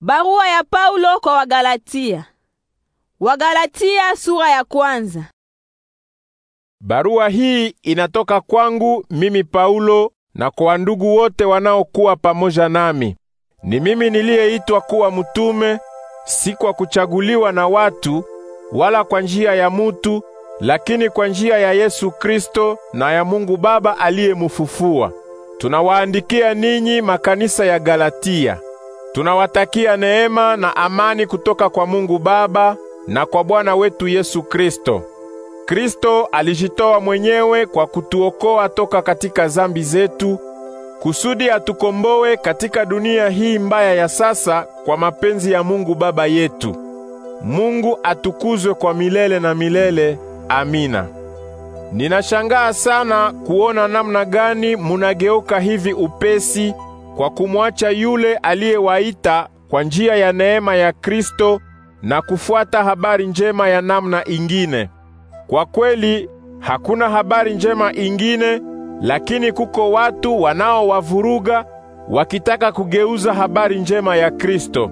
Barua ya Paulo kwa Wagalatia. Wagalatia sura ya kwanza. Barua hii inatoka kwangu mimi Paulo na kwa ndugu wote wanaokuwa pamoja nami. Ni mimi niliyeitwa kuwa mtume si kwa kuchaguliwa na watu wala kwa njia ya mutu, lakini kwa njia ya Yesu Kristo na ya Mungu Baba aliyemufufua. Tunawaandikia ninyi makanisa ya Galatia. Tunawatakia neema na amani kutoka kwa Mungu Baba na kwa Bwana wetu Yesu Kristo. Kristo alijitoa mwenyewe kwa kutuokoa toka katika zambi zetu kusudi atukomboe katika dunia hii mbaya ya sasa kwa mapenzi ya Mungu Baba yetu. Mungu atukuzwe kwa milele na milele. Amina. Ninashangaa sana kuona namna gani munageuka hivi upesi kwa kumwacha yule aliyewaita kwa njia ya neema ya Kristo na kufuata habari njema ya namna ingine. Kwa kweli hakuna habari njema ingine, lakini kuko watu wanaowavuruga wakitaka kugeuza habari njema ya Kristo.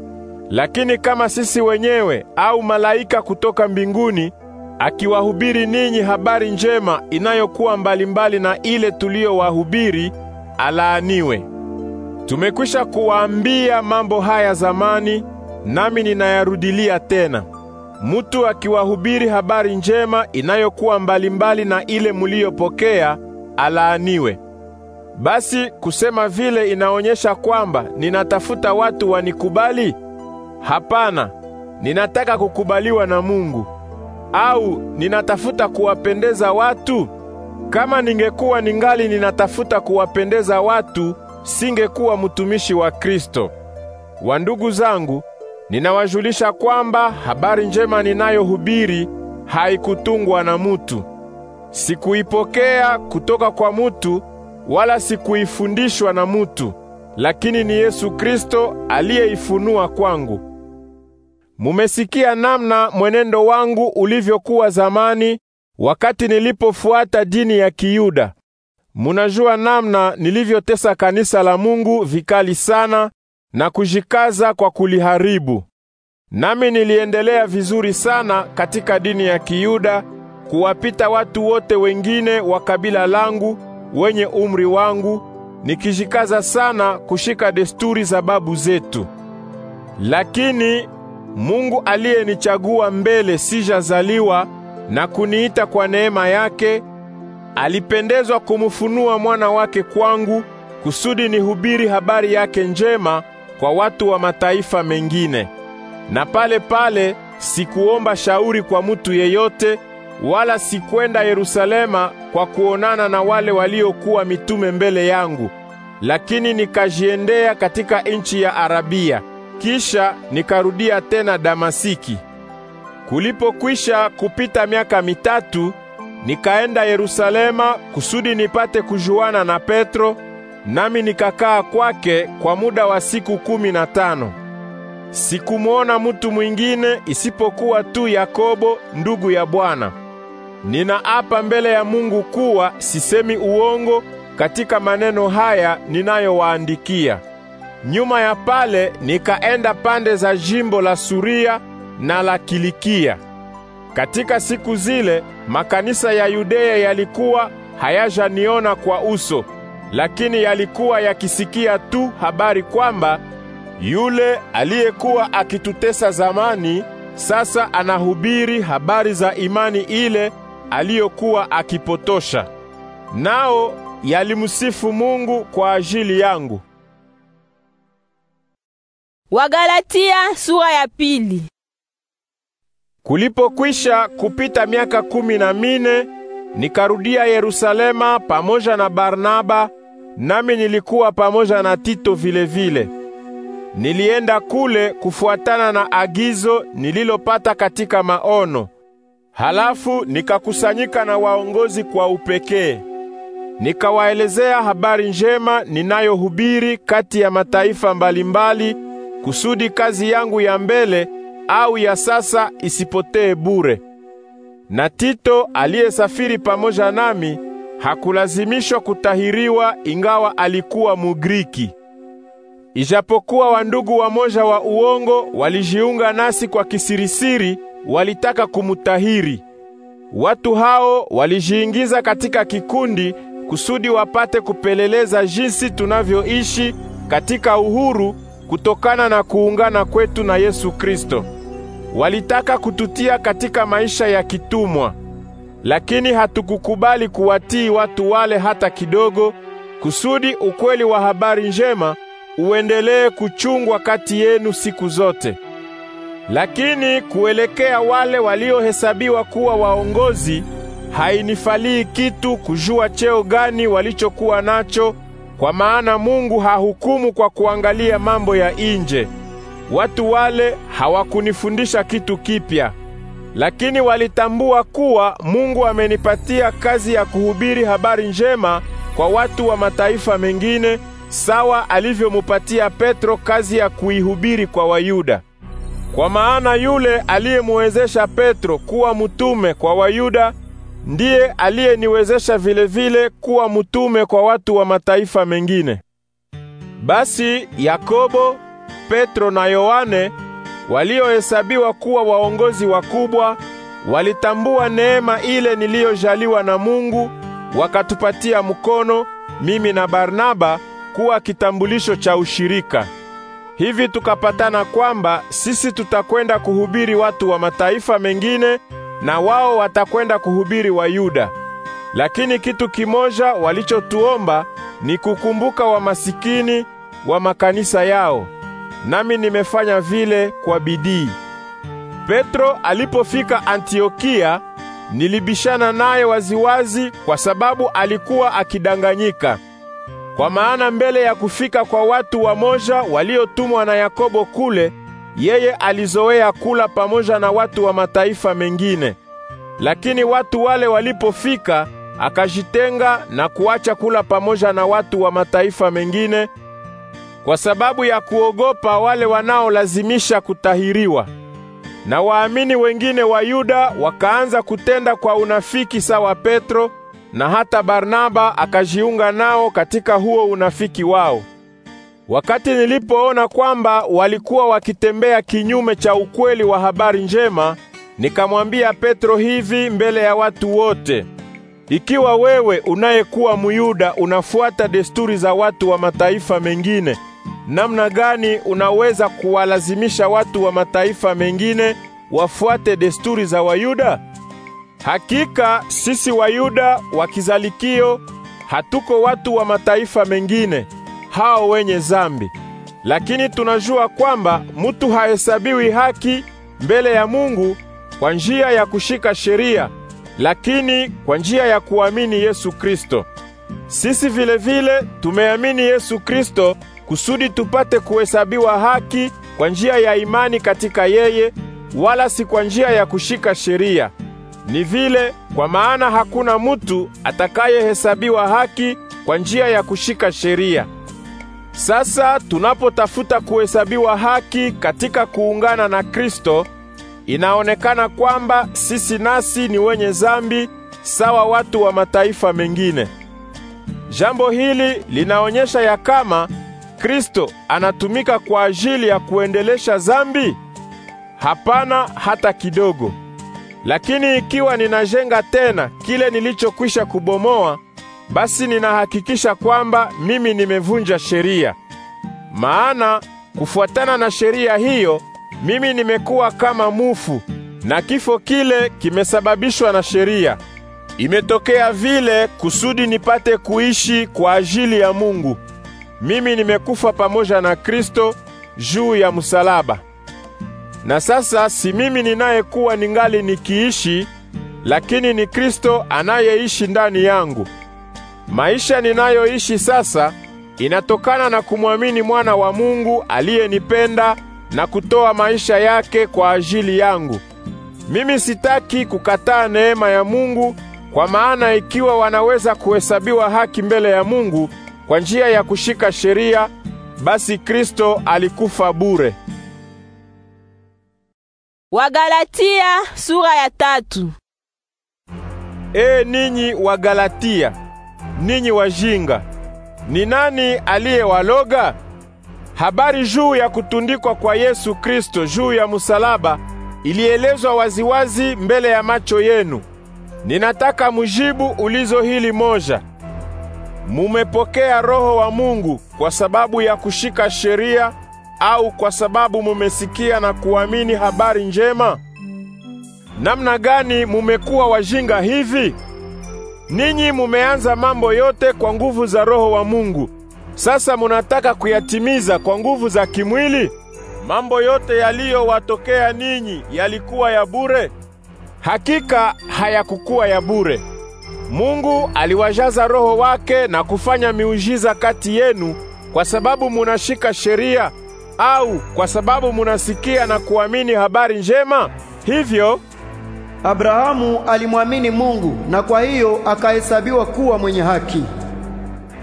Lakini kama sisi wenyewe au malaika kutoka mbinguni akiwahubiri ninyi habari njema inayokuwa mbalimbali na ile tuliyowahubiri, alaaniwe. Tumekwisha kuwaambia mambo haya zamani, nami ninayarudilia tena. Mutu akiwahubiri habari njema inayokuwa mbalimbali na ile muliyopokea, alaaniwe. Basi kusema vile inaonyesha kwamba ninatafuta watu wanikubali? Hapana, ninataka kukubaliwa na Mungu. Au ninatafuta kuwapendeza watu? Kama ningekuwa ningali ninatafuta kuwapendeza watu, singekuwa mtumishi wa Kristo. Wandugu zangu, ninawajulisha kwamba habari njema ninayohubiri haikutungwa na mutu. Sikuipokea kutoka kwa mutu wala sikuifundishwa na mutu, lakini ni Yesu Kristo aliyeifunua kwangu. Mumesikia namna mwenendo wangu ulivyokuwa zamani wakati nilipofuata dini ya Kiyuda. Munajua namna nilivyotesa kanisa la Mungu vikali sana na kujikaza kwa kuliharibu. Nami niliendelea vizuri sana katika dini ya Kiyuda kuwapita watu wote wengine wa kabila langu wenye umri wangu, nikijikaza sana kushika desturi za babu zetu. Lakini Mungu aliyenichagua mbele sijazaliwa na kuniita kwa neema yake alipendezwa kumfunua mwana wake kwangu kusudi nihubiri habari yake njema kwa watu wa mataifa mengine. Na pale pale sikuomba shauri kwa mutu yeyote, wala sikwenda Yerusalema kwa kuonana na wale waliokuwa mitume mbele yangu, lakini nikajiendea katika nchi ya Arabia, kisha nikarudia tena Damasiki. Kulipokwisha kupita miaka mitatu nikaenda Yerusalema kusudi nipate kujuana na Petro, nami nikakaa kwake kwa muda wa siku kumi na tano. Sikumwona mutu mwingine isipokuwa tu Yakobo ndugu ya Bwana. Ninaapa mbele ya Mungu kuwa sisemi uongo katika maneno haya ninayowaandikia. Nyuma ya pale nikaenda pande za jimbo la Suria na la Kilikia. Katika siku zile makanisa ya Yudea yalikuwa hayajaniona kwa uso, lakini yalikuwa yakisikia tu habari kwamba yule aliyekuwa akitutesa zamani sasa anahubiri habari za imani ile aliyokuwa akipotosha. Nao yalimsifu Mungu kwa ajili yangu. Wagalatia sura ya pili. Kulipokwisha kupita miaka kumi na mine, nikarudia Yerusalema pamoja na Barnaba, nami nilikuwa pamoja na Tito vilevile. Nilienda kule kufuatana na agizo nililopata katika maono. Halafu nikakusanyika na waongozi kwa upekee. Nikawaelezea habari njema ninayohubiri kati ya mataifa mbalimbali kusudi kazi yangu ya mbele au ya sasa isipotee bure. Na Tito aliyesafiri pamoja nami hakulazimishwa kutahiriwa ingawa alikuwa Mugriki. Ijapokuwa wandugu wamoja wa uongo walijiunga nasi kwa kisirisiri, walitaka kumutahiri. Watu hao walijiingiza katika kikundi kusudi wapate kupeleleza jinsi tunavyoishi katika uhuru kutokana na kuungana kwetu na Yesu Kristo. Walitaka kututia katika maisha ya kitumwa, lakini hatukukubali kuwatii watu wale hata kidogo, kusudi ukweli wa habari njema uendelee kuchungwa kati yenu siku zote. Lakini kuelekea wale waliohesabiwa kuwa waongozi, hainifalii kitu kujua cheo gani walichokuwa nacho, kwa maana Mungu hahukumu kwa kuangalia mambo ya nje. Watu wale hawakunifundisha kitu kipya, lakini walitambua kuwa Mungu amenipatia kazi ya kuhubiri habari njema kwa watu wa mataifa mengine, sawa alivyomupatia Petro kazi ya kuihubiri kwa Wayuda. Kwa maana yule aliyemwezesha Petro kuwa mtume kwa Wayuda ndiye aliyeniwezesha vile vile kuwa mtume kwa watu wa mataifa mengine. Basi Yakobo Petro na Yohane waliohesabiwa kuwa waongozi wakubwa walitambua neema ile niliyojaliwa na Mungu, wakatupatia mkono mimi na Barnaba kuwa kitambulisho cha ushirika. Hivi tukapatana kwamba sisi tutakwenda kuhubiri watu wa mataifa mengine na wao watakwenda kuhubiri Wayuda. Lakini kitu kimoja walichotuomba ni kukumbuka wamasikini wa makanisa yao nami nimefanya vile kwa bidii. Petro alipofika Antiokia, nilibishana naye waziwazi kwa sababu alikuwa akidanganyika. Kwa maana mbele ya kufika kwa watu wamoja waliotumwa na Yakobo kule, yeye alizoea kula pamoja na watu wa mataifa mengine. Lakini watu wale walipofika, akajitenga na kuacha kula pamoja na watu wa mataifa mengine kwa sababu ya kuogopa wale wanaolazimisha kutahiriwa. Na waamini wengine wa Yuda wakaanza kutenda kwa unafiki sawa Petro, na hata Barnaba akajiunga nao katika huo unafiki wao. Wakati nilipoona kwamba walikuwa wakitembea kinyume cha ukweli wa habari njema, nikamwambia Petro hivi mbele ya watu wote: ikiwa wewe unayekuwa Myuda unafuata desturi za watu wa mataifa mengine namna gani unaweza kuwalazimisha watu wa mataifa mengine wafuate desturi za Wayuda? Hakika sisi Wayuda wa kizalikio hatuko watu wa mataifa mengine hao wenye zambi, lakini tunajua kwamba mutu hahesabiwi haki mbele ya Mungu kwa njia ya kushika sheria, lakini kwa njia ya kuamini Yesu Kristo. Sisi vile vile tumeamini Yesu Kristo kusudi tupate kuhesabiwa haki kwa njia ya imani katika yeye, wala si kwa njia ya kushika sheria. Ni vile kwa maana hakuna mutu atakayehesabiwa haki kwa njia ya kushika sheria. Sasa tunapotafuta kuhesabiwa haki katika kuungana na Kristo, inaonekana kwamba sisi nasi ni wenye zambi sawa watu wa mataifa mengine. Jambo hili linaonyesha ya kama Kristo anatumika kwa ajili ya kuendelesha zambi? Hapana hata kidogo. Lakini ikiwa ninajenga tena kile nilichokwisha kubomoa, basi ninahakikisha kwamba mimi nimevunja sheria. Maana kufuatana na sheria hiyo, mimi nimekuwa kama mufu, na kifo kile kimesababishwa na sheria. Imetokea vile kusudi nipate kuishi kwa ajili ya Mungu mimi nimekufa pamoja na Kristo juu ya msalaba. Na sasa si mimi ninayekuwa ningali nikiishi, lakini ni Kristo anayeishi ndani yangu. Maisha ninayoishi sasa inatokana na kumwamini mwana wa Mungu aliyenipenda na kutoa maisha yake kwa ajili yangu. Mimi sitaki kukataa neema ya Mungu, kwa maana ikiwa wanaweza kuhesabiwa haki mbele ya Mungu kwa njia ya kushika sheria, basi Kristo alikufa bure. Wagalatia sura ya tatu. E, ninyi Wagalatia, ninyi wajinga, ni nani aliyewaloga? Habari juu ya kutundikwa kwa Yesu Kristo juu ya musalaba ilielezwa waziwazi mbele ya macho yenu. Ninataka mujibu ulizo hili moja mumepokea Roho wa Mungu kwa sababu ya kushika sheria au kwa sababu mumesikia na kuamini habari njema? Namna gani mumekuwa wajinga hivi? Ninyi mumeanza mambo yote kwa nguvu za Roho wa Mungu. Sasa munataka kuyatimiza kwa nguvu za kimwili? Mambo yote yaliyowatokea ninyi yalikuwa ya bure? Hakika hayakukuwa ya bure. Mungu aliwajaza Roho wake na kufanya miujiza kati yenu kwa sababu munashika sheria au kwa sababu munasikia na kuamini habari njema? Hivyo Abrahamu alimwamini Mungu na kwa hiyo akahesabiwa kuwa mwenye haki.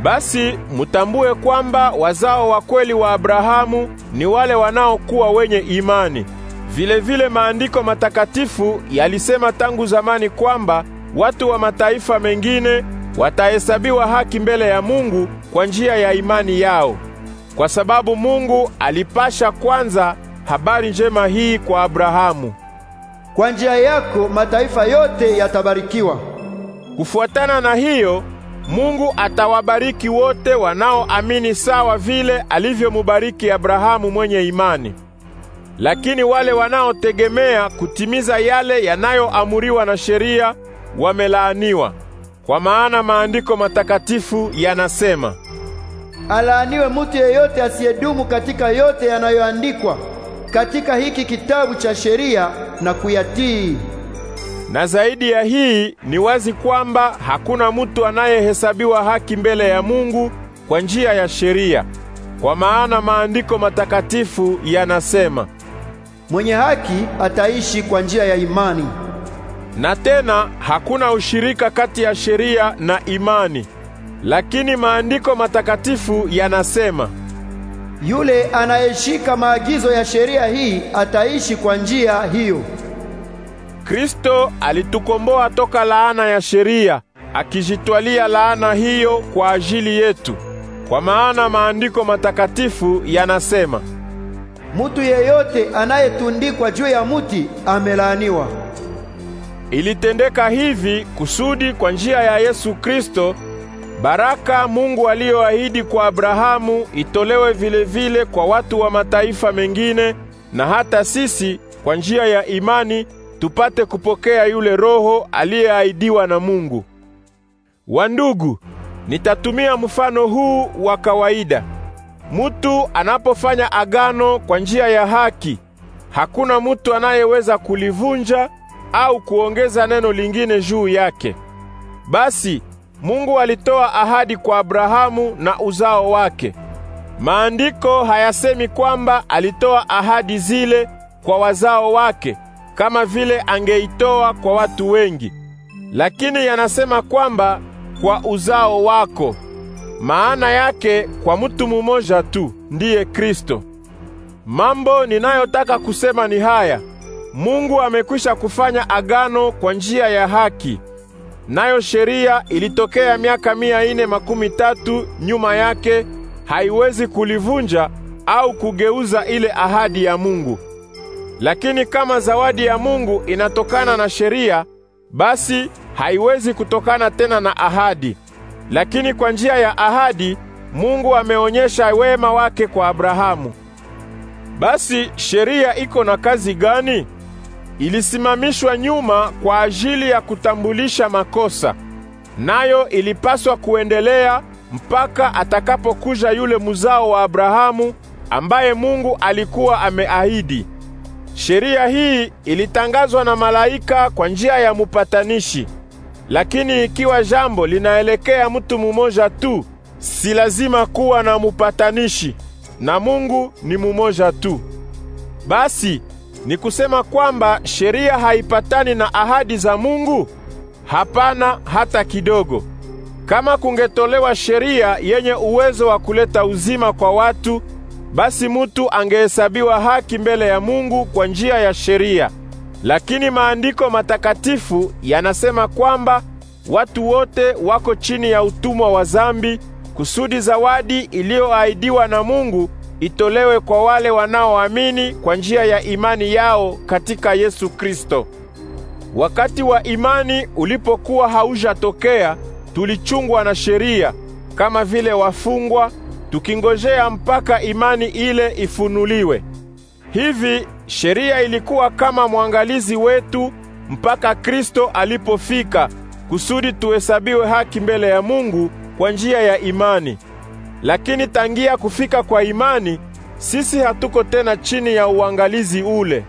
Basi mutambue kwamba wazao wa kweli wa Abrahamu ni wale wanaokuwa wenye imani. vile vile maandiko matakatifu yalisema tangu zamani kwamba watu wa mataifa mengine watahesabiwa haki mbele ya Mungu kwa njia ya imani yao, kwa sababu Mungu alipasha kwanza habari njema hii kwa Abrahamu: kwa njia yako mataifa yote yatabarikiwa. Kufuatana na hiyo, Mungu atawabariki wote wanaoamini sawa vile alivyomubariki Abrahamu mwenye imani. Lakini wale wanaotegemea kutimiza yale yanayoamuriwa na sheria wamelaaniwa, kwa maana maandiko matakatifu yanasema, alaaniwe mutu yeyote asiyedumu katika yote yanayoandikwa katika hiki kitabu cha sheria na kuyatii. Na zaidi ya hii ni wazi kwamba hakuna mutu anayehesabiwa haki mbele ya Mungu kwa njia ya sheria, kwa maana maandiko matakatifu yanasema, mwenye haki ataishi kwa njia ya imani. Na tena hakuna ushirika kati ya sheria na imani. Lakini maandiko matakatifu yanasema, yule anayeshika maagizo ya sheria hii ataishi kwa njia hiyo. Kristo alitukomboa toka laana ya sheria, akijitwalia laana hiyo kwa ajili yetu. Kwa maana maandiko matakatifu yanasema, mutu yeyote anayetundikwa juu ya muti amelaaniwa. Ilitendeka hivi kusudi kwa njia ya Yesu Kristo baraka Mungu aliyoahidi kwa Abrahamu itolewe vile vile kwa watu wa mataifa mengine, na hata sisi kwa njia ya imani tupate kupokea yule Roho aliyeahidiwa na Mungu. Wandugu, nitatumia mfano huu wa kawaida. Mutu anapofanya agano kwa njia ya haki, hakuna mutu anayeweza kulivunja au kuongeza neno lingine juu yake. Basi Mungu alitoa ahadi kwa Abrahamu na uzao wake. Maandiko hayasemi kwamba alitoa ahadi zile kwa wazao wake kama vile angeitoa kwa watu wengi, lakini yanasema kwamba kwa uzao wako. Maana yake kwa mtu mumoja tu ndiye Kristo. Mambo ninayotaka kusema ni haya. Mungu amekwisha kufanya agano kwa njia ya haki, nayo sheria ilitokea miaka mia ine makumi tatu nyuma yake, haiwezi kulivunja au kugeuza ile ahadi ya Mungu. Lakini kama zawadi ya Mungu inatokana na sheria, basi haiwezi kutokana tena na ahadi. Lakini kwa njia ya ahadi Mungu ameonyesha wema wake kwa Abrahamu. Basi sheria iko na kazi gani? ilisimamishwa nyuma kwa ajili ya kutambulisha makosa, nayo ilipaswa kuendelea mpaka atakapokuja yule muzao wa Abrahamu ambaye Mungu alikuwa ameahidi. Sheria hii ilitangazwa na malaika kwa njia ya mupatanishi. Lakini ikiwa jambo linaelekea mtu mumoja tu, si lazima kuwa na mupatanishi, na Mungu ni mumoja tu. Basi ni kusema kwamba sheria haipatani na ahadi za Mungu? Hapana hata kidogo. Kama kungetolewa sheria yenye uwezo wa kuleta uzima kwa watu, basi mutu angehesabiwa haki mbele ya Mungu kwa njia ya sheria. Lakini maandiko matakatifu yanasema kwamba watu wote wako chini ya utumwa wa zambi, kusudi zawadi iliyoahidiwa na Mungu itolewe kwa wale wanaoamini kwa njia ya imani yao katika Yesu Kristo. Wakati wa imani ulipokuwa haujatokea, tulichungwa na sheria kama vile wafungwa, tukingojea mpaka imani ile ifunuliwe. Hivi sheria ilikuwa kama mwangalizi wetu mpaka Kristo alipofika, kusudi tuhesabiwe haki mbele ya Mungu kwa njia ya imani. Lakini tangia kufika kwa imani sisi hatuko tena chini ya uangalizi ule.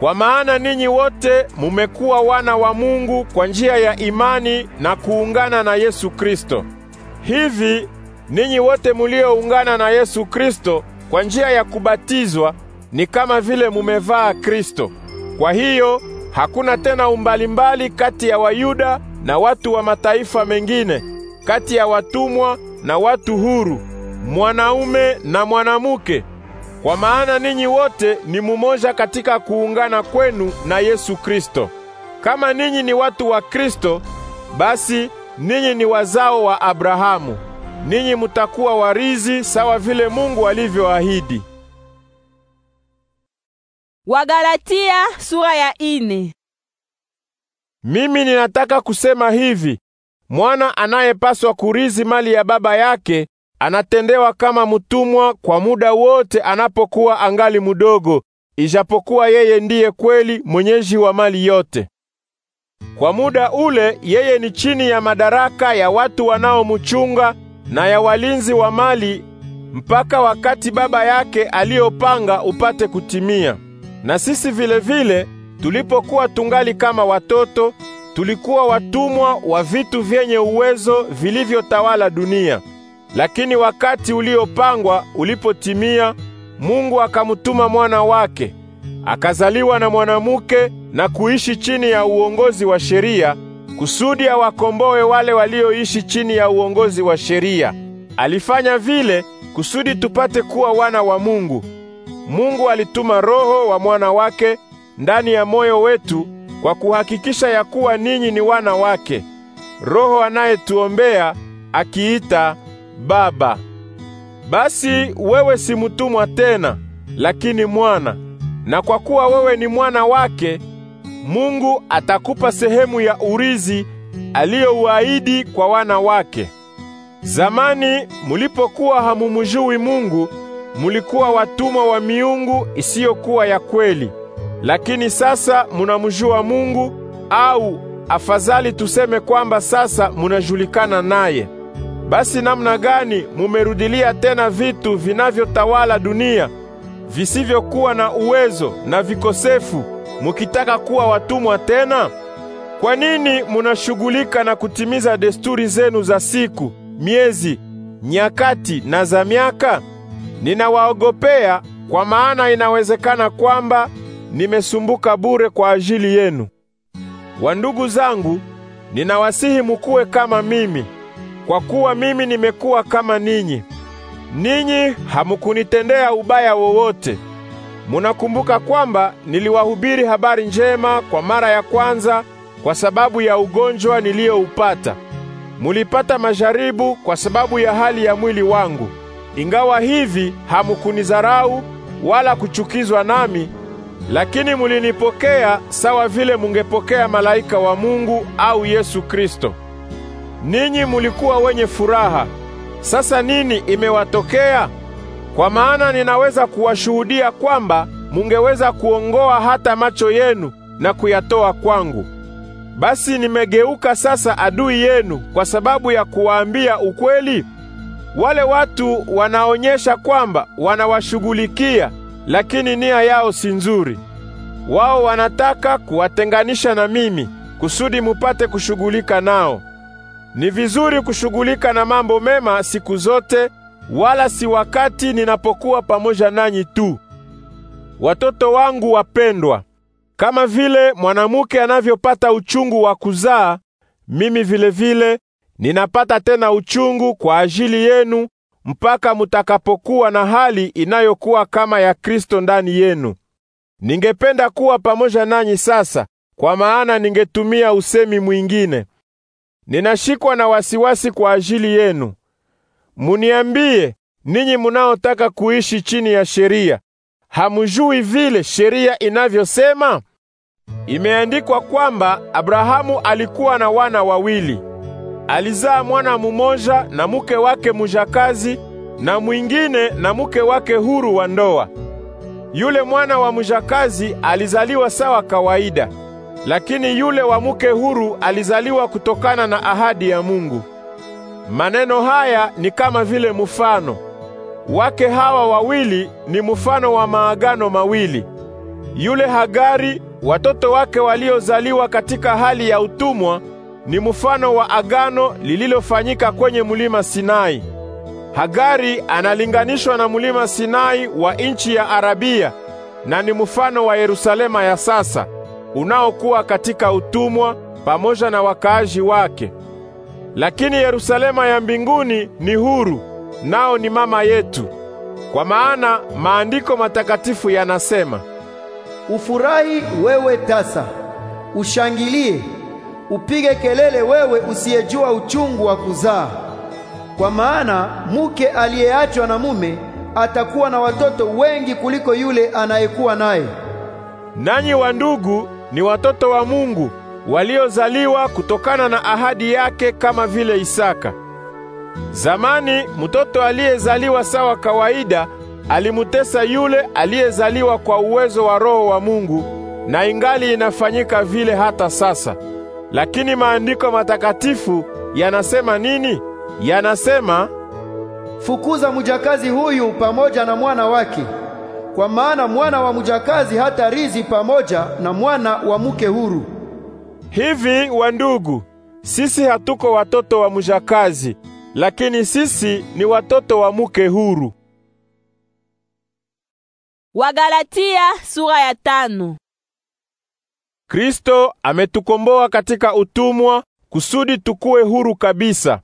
Kwa maana ninyi wote mumekuwa wana wa Mungu kwa njia ya imani na kuungana na Yesu Kristo. Hivi ninyi wote mulioungana na Yesu Kristo kwa njia ya kubatizwa ni kama vile mumevaa Kristo. Kwa hiyo hakuna tena umbalimbali kati ya Wayuda na watu wa mataifa mengine, kati ya watumwa na watu huru, mwanaume na mwanamuke, kwa maana ninyi wote ni mumoja katika kuungana kwenu na Yesu Kristo. Kama ninyi ni watu wa Kristo, basi ninyi ni wazao wa Abrahamu, ninyi mutakuwa warizi sawa vile Mungu alivyoahidi. Wagalatia sura ya ine. Mimi ninataka kusema hivi Mwana anayepaswa kurizi mali ya baba yake anatendewa kama mtumwa kwa muda wote anapokuwa angali mdogo, ijapokuwa yeye ndiye kweli mwenyeji wa mali yote. Kwa muda ule yeye ni chini ya madaraka ya watu wanaomchunga na ya walinzi wa mali mpaka wakati baba yake aliyopanga upate kutimia. Na sisi vile vile tulipokuwa tungali kama watoto Tulikuwa watumwa wa vitu vyenye uwezo vilivyotawala dunia. Lakini wakati uliopangwa ulipotimia, Mungu akamtuma mwana wake, akazaliwa na mwanamke na kuishi chini ya uongozi wa sheria, kusudi awakomboe wale walioishi chini ya uongozi wa sheria. Alifanya vile kusudi tupate kuwa wana wa Mungu. Mungu alituma Roho wa mwana wake ndani ya moyo wetu kwa kuhakikisha ya kuwa ninyi ni wana wake. Roho anayetuombea akiita Baba. Basi wewe si mtumwa tena, lakini mwana, na kwa kuwa wewe ni mwana wake, Mungu atakupa sehemu ya urizi aliyouahidi kwa wana wake. Zamani mulipokuwa hamumjui Mungu, mulikuwa watumwa wa miungu isiyokuwa ya kweli. Lakini sasa munamjua Mungu, au afadhali tuseme kwamba sasa munajulikana naye. Basi namna gani mumerudilia tena vitu vinavyotawala dunia visivyokuwa na uwezo na vikosefu, mukitaka kuwa watumwa tena? Kwa nini munashughulika na kutimiza desturi zenu za siku, miezi, nyakati na za miaka? Ninawaogopea, kwa maana inawezekana kwamba nimesumbuka bure kwa ajili yenu. Wandugu zangu, ninawasihi mukuwe kama mimi, kwa kuwa mimi nimekuwa kama ninyi. Ninyi hamukunitendea ubaya wowote. Munakumbuka kwamba niliwahubiri habari njema kwa mara ya kwanza kwa sababu ya ugonjwa niliyoupata. Mulipata majaribu kwa sababu ya hali ya mwili wangu. Ingawa hivi hamukunizarau wala kuchukizwa nami, lakini mulinipokea sawa vile mungepokea malaika wa Mungu au Yesu Kristo. Ninyi mulikuwa wenye furaha. Sasa nini imewatokea? Kwa maana ninaweza kuwashuhudia kwamba mungeweza kuongoa hata macho yenu na kuyatoa kwangu. Basi nimegeuka sasa adui yenu kwa sababu ya kuwaambia ukweli. Wale watu wanaonyesha kwamba wanawashughulikia lakini nia yao si nzuri. Wao wanataka kuwatenganisha na mimi kusudi mupate kushughulika nao. Ni vizuri kushughulika na mambo mema siku zote, wala si wakati ninapokuwa pamoja nanyi tu. Watoto wangu wapendwa, kama vile mwanamke anavyopata uchungu wa kuzaa, mimi vile vile, ninapata tena uchungu kwa ajili yenu mpaka mutakapokuwa na hali inayokuwa kama ya Kristo ndani yenu. Ningependa kuwa pamoja nanyi sasa, kwa maana ningetumia usemi mwingine. Ninashikwa na wasiwasi kwa ajili yenu. Muniambie, ninyi munaotaka kuishi chini ya sheria, hamjui vile sheria inavyosema? Imeandikwa kwamba Abrahamu alikuwa na wana wawili alizaa mwana mumoja na muke wake mujakazi na mwingine na muke wake huru wa ndoa. Yule mwana wa mujakazi alizaliwa sawa kawaida, lakini yule wa muke huru alizaliwa kutokana na ahadi ya Mungu. Maneno haya ni kama vile mfano wake hawa wawili ni mfano wa maagano mawili. Yule Hagari, watoto wake waliozaliwa katika hali ya utumwa ni mfano wa agano lililofanyika kwenye mlima Sinai. Hagari analinganishwa na mlima Sinai wa nchi ya Arabia na ni mfano wa Yerusalema ya sasa unaokuwa katika utumwa pamoja na wakaaji wake. Lakini Yerusalema ya mbinguni ni huru, nao ni mama yetu. Kwa maana maandiko matakatifu yanasema, Ufurahi wewe tasa, ushangilie upige kelele wewe usiyejua uchungu wa kuzaa, kwa maana muke aliyeachwa na mume atakuwa na watoto wengi kuliko yule anayekuwa naye. Nanyi wandugu ni watoto wa Mungu waliozaliwa kutokana na ahadi yake, kama vile Isaka. Zamani mtoto aliyezaliwa sawa kawaida alimutesa yule aliyezaliwa kwa uwezo wa Roho wa Mungu, na ingali inafanyika vile hata sasa. Lakini maandiko matakatifu yanasema nini? Yanasema, fukuza mjakazi huyu pamoja na mwana wake, kwa maana mwana wa mjakazi hata rizi pamoja na mwana wa mke huru. Hivi wandugu, sisi hatuko watoto wa mjakazi, lakini sisi ni watoto wa mke huru. Wagalatia sura ya tano. Kristo ametukomboa katika utumwa kusudi tukue huru kabisa.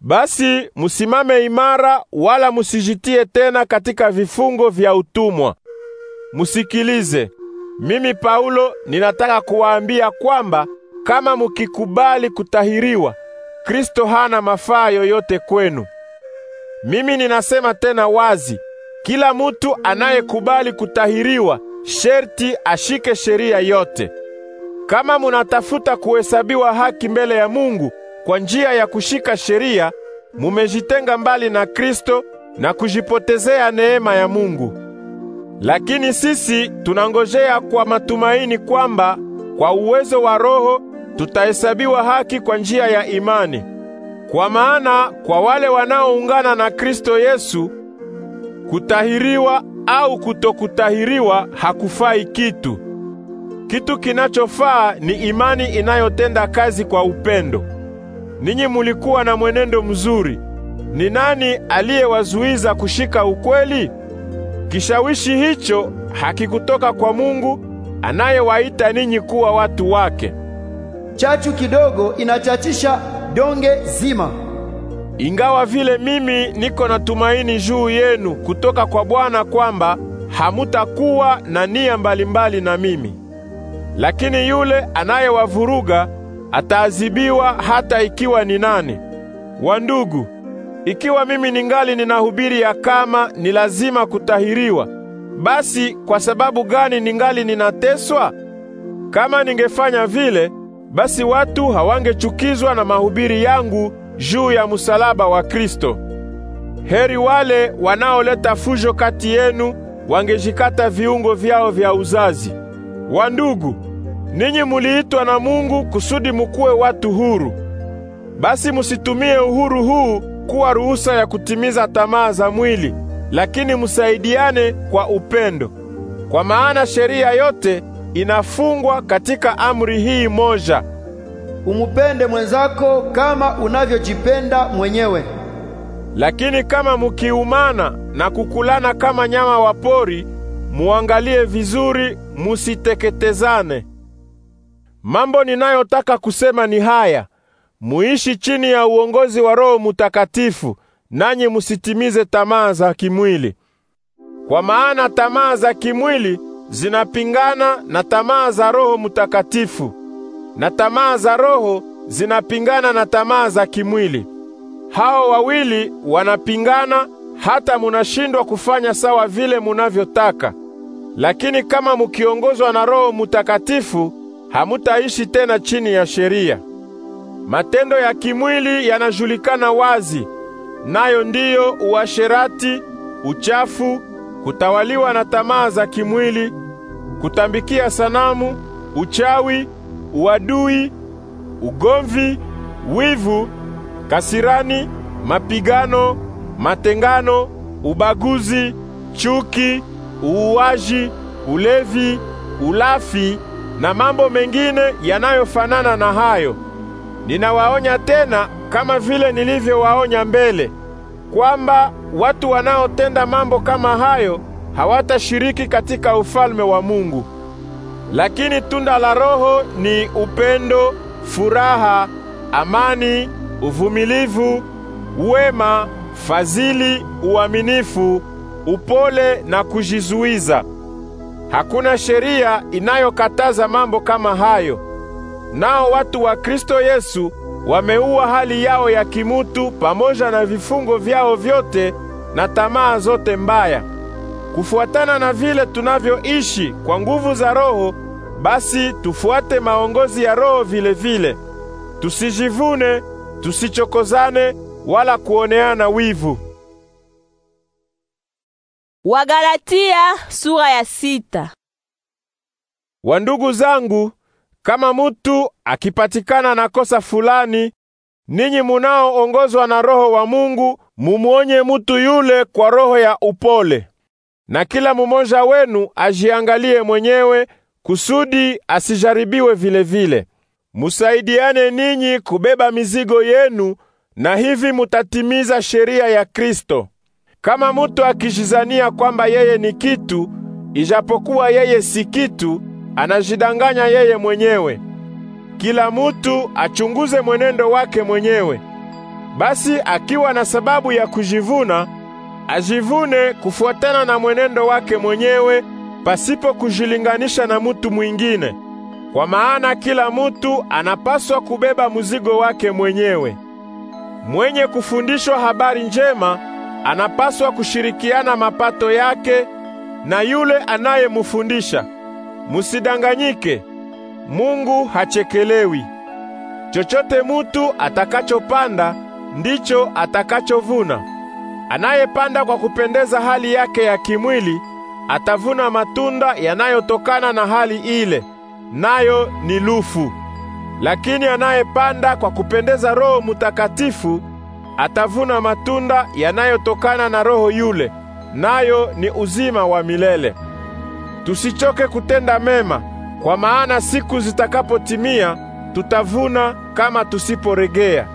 Basi musimame imara, wala musijitie tena katika vifungo vya utumwa. Musikilize, mimi Paulo ninataka kuwaambia kwamba kama mukikubali kutahiriwa, Kristo hana mafaa yoyote kwenu. Mimi ninasema tena wazi, kila mutu anayekubali kutahiriwa sherti ashike sheria yote. Kama munatafuta kuhesabiwa haki mbele ya Mungu kwa njia ya kushika sheria, mumejitenga mbali na Kristo na kujipotezea neema ya Mungu. Lakini sisi tunangojea kwa matumaini kwamba kwa uwezo wa Roho tutahesabiwa haki kwa njia ya imani. Kwa maana kwa wale wanaoungana na Kristo Yesu kutahiriwa au kutokutahiriwa hakufai kitu. Kitu kinachofaa ni imani inayotenda kazi kwa upendo. Ninyi mulikuwa na mwenendo mzuri. Ni nani aliyewazuiza kushika ukweli? Kishawishi hicho hakikutoka kwa Mungu anayewaita ninyi kuwa watu wake. Chachu kidogo inachachisha donge zima. Ingawa vile mimi niko na tumaini juu yenu kutoka kwa Bwana kwamba hamutakuwa na nia mbalimbali na mimi. Lakini yule anayewavuruga ataadhibiwa hata ikiwa ni nani. Wandugu, ikiwa mimi ningali ninahubiri ya kama ni lazima kutahiriwa, basi kwa sababu gani ningali ninateswa? Kama ningefanya vile, basi watu hawangechukizwa na mahubiri yangu juu ya msalaba wa Kristo. Heri wale wanaoleta fujo kati yenu wangejikata viungo vyao vya uzazi. Wandugu, ninyi muliitwa na Mungu kusudi mukuwe watu huru. Basi musitumie uhuru huu kuwa ruhusa ya kutimiza tamaa za mwili, lakini musaidiane kwa upendo. Kwa maana sheria yote inafungwa katika amri hii moja umupende mwenzako kama unavyojipenda mwenyewe. Lakini kama mukiumana na kukulana kama nyama wa pori, muangalie vizuri, musiteketezane. Mambo ninayotaka kusema ni haya: muishi chini ya uongozi wa Roho Mutakatifu, nanyi musitimize tamaa za kimwili, kwa maana tamaa za kimwili zinapingana na tamaa za Roho Mutakatifu na tamaa za roho zinapingana na tamaa za kimwili. Hao wawili wanapingana hata munashindwa kufanya sawa vile munavyotaka. Lakini kama mukiongozwa na Roho Mutakatifu, hamutaishi tena chini ya sheria. Matendo ya kimwili yanajulikana wazi, nayo ndiyo uasherati, uchafu, kutawaliwa na tamaa za kimwili, kutambikia sanamu, uchawi, uadui, ugomvi, wivu, kasirani, mapigano, matengano, ubaguzi, chuki, uuaji, ulevi, ulafi na mambo mengine yanayofanana na hayo. Ninawaonya tena kama vile nilivyowaonya mbele kwamba watu wanaotenda mambo kama hayo hawatashiriki katika ufalme wa Mungu. Lakini tunda la Roho ni upendo, furaha, amani, uvumilivu, wema, fadhili, uaminifu, upole na kujizuiza. Hakuna sheria inayokataza mambo kama hayo. Nao watu wa Kristo Yesu wameua hali yao ya kimutu pamoja na vifungo vyao vyote na tamaa zote mbaya kufuatana na vile tunavyoishi kwa nguvu za Roho, basi tufuate maongozi ya Roho vile vile. Tusijivune, tusichokozane wala kuoneana wivu. Wagalatia sura ya sita. Wandugu zangu, kama mutu akipatikana na kosa fulani, ninyi munaoongozwa na Roho wa Mungu, mumwonye mutu yule kwa roho ya upole na kila mumoja wenu ajiangalie mwenyewe kusudi asijaribiwe vile vile. Musaidiane ninyi kubeba mizigo yenu na hivi mutatimiza sheria ya Kristo. Kama mutu akijizania kwamba yeye ni kitu, ijapokuwa yeye si kitu, anajidanganya yeye mwenyewe. Kila mutu achunguze mwenendo wake mwenyewe. Basi akiwa na sababu ya kujivuna, ajivune kufuatana na mwenendo wake mwenyewe pasipo kujilinganisha na mutu mwingine, kwa maana kila mutu anapaswa kubeba mzigo wake mwenyewe. Mwenye kufundishwa habari njema anapaswa kushirikiana mapato yake na yule anayemufundisha. Musidanganyike, Mungu hachekelewi. Chochote mutu atakachopanda ndicho atakachovuna. Anayepanda kwa kupendeza hali yake ya kimwili atavuna matunda yanayotokana na hali ile, nayo ni lufu. Lakini anayepanda kwa kupendeza Roho Mutakatifu atavuna matunda yanayotokana na Roho yule, nayo ni uzima wa milele. Tusichoke kutenda mema, kwa maana siku zitakapotimia tutavuna kama tusiporegea.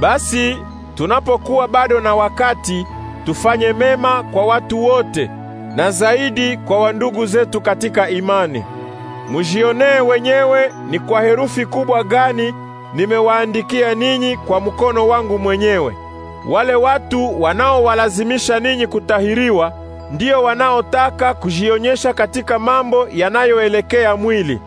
Basi Tunapokuwa bado na wakati, tufanye mema kwa watu wote na zaidi kwa wandugu zetu katika imani. Mujionee wenyewe ni kwa herufi kubwa gani nimewaandikia ninyi kwa mkono wangu mwenyewe. Wale watu wanaowalazimisha ninyi kutahiriwa ndio wanaotaka kujionyesha katika mambo yanayoelekea mwili,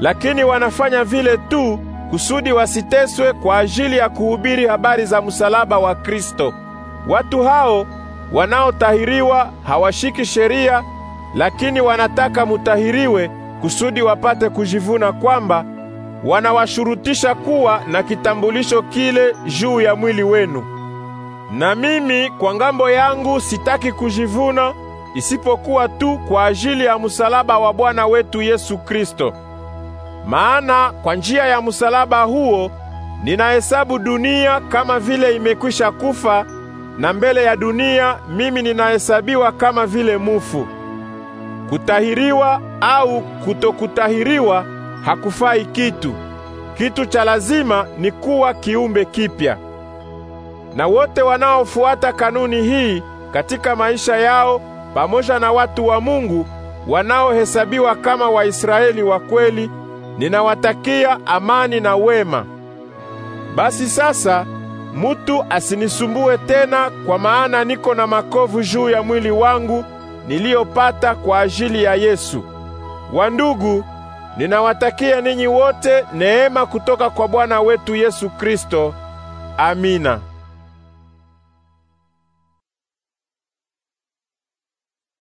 lakini wanafanya vile tu kusudi wasiteswe kwa ajili ya kuhubiri habari za msalaba wa Kristo. Watu hao wanaotahiriwa hawashiki sheria, lakini wanataka mutahiriwe kusudi wapate kujivuna kwamba wanawashurutisha kuwa na kitambulisho kile juu ya mwili wenu. Na mimi kwa ngambo yangu sitaki kujivuna isipokuwa tu kwa ajili ya msalaba wa Bwana wetu Yesu Kristo maana kwa njia ya msalaba huo ninahesabu dunia kama vile imekwisha kufa na mbele ya dunia mimi ninahesabiwa kama vile mufu. Kutahiriwa au kutokutahiriwa hakufai kitu. Kitu cha lazima ni kuwa kiumbe kipya. Na wote wanaofuata kanuni hii katika maisha yao pamoja na watu wa Mungu wanaohesabiwa kama Waisraeli wa kweli ninawatakia amani na wema. Basi sasa mutu asinisumbue tena, kwa maana niko na makovu juu ya mwili wangu niliyopata kwa ajili ya Yesu. Wandugu, ninawatakia ninyi wote neema kutoka kwa Bwana wetu Yesu Kristo. Amina.